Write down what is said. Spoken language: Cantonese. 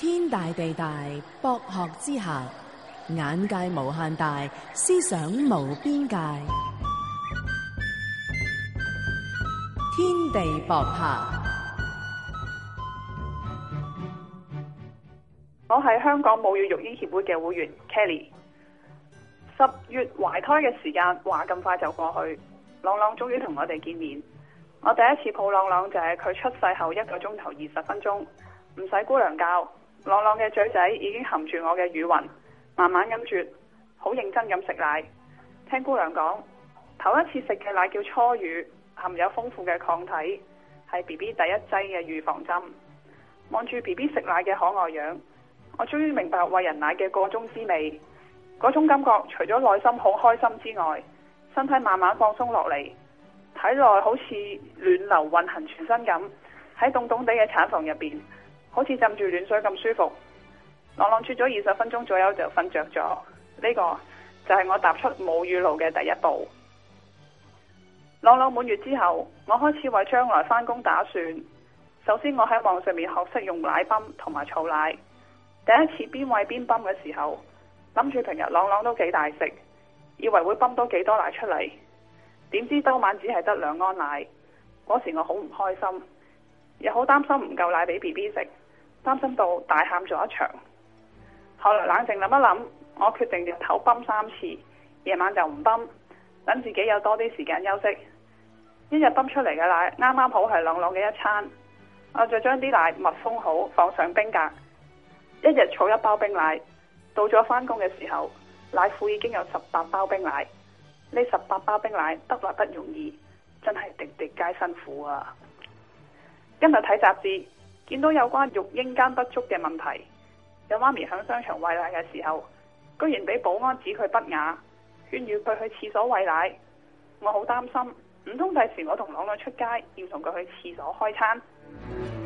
天大地大，博學之下，眼界無限大，思想無邊界。天地博客，我係香港母乳育嬰協會嘅會員 Kelly。十月懷胎嘅時間，話咁快就過去，朗朗終於同我哋見面。我第一次抱朗朗就係佢出世後一個鐘頭二十分鐘，唔使姑娘教。朗朗嘅嘴仔已經含住我嘅乳暈，慢慢飲住，好認真咁食奶。聽姑娘講，頭一次食嘅奶叫初乳，含有豐富嘅抗體，係 B B 第一劑嘅預防針。望住 B B 食奶嘅可愛樣，我終於明白餵人奶嘅個中滋味。嗰種感覺，除咗內心好開心之外，身體慢慢放鬆落嚟，體內好似暖流運行全身咁，喺凍凍地嘅產房入邊。好似浸住暖水咁舒服，朗朗啜咗二十分鐘左右就瞓着咗。呢個就係我踏出母乳路嘅第一步。朗朗滿月之後，我開始為將來返工打算。首先，我喺網上面學識用奶泵同埋儲奶。第一次邊喂邊泵嘅時候，諗住平日朗朗都幾大食，以為會泵多幾多奶出嚟。點知當晚只係得兩安奶。嗰時我好唔開心。又好擔心唔夠奶俾 BB 食，擔心到大喊咗一場。後來冷靜諗一諗，我決定日頭泵三次，夜晚就唔泵，等自己有多啲時間休息。一日泵出嚟嘅奶啱啱好係兩朗嘅一餐。我再將啲奶密封好，放上冰格。一日儲一包冰奶，到咗翻工嘅時候，奶庫已經有十八包冰奶。呢十八包冰奶得來不容易，真係滴滴皆辛苦啊！今日睇雜誌，見到有關育嬰間不足嘅問題。有媽咪響商場餵奶嘅時候，居然俾保安指佢不雅，勸喻佢去廁所餵奶。我好擔心，唔通第時我同朗朗出街，要同佢去廁所開餐？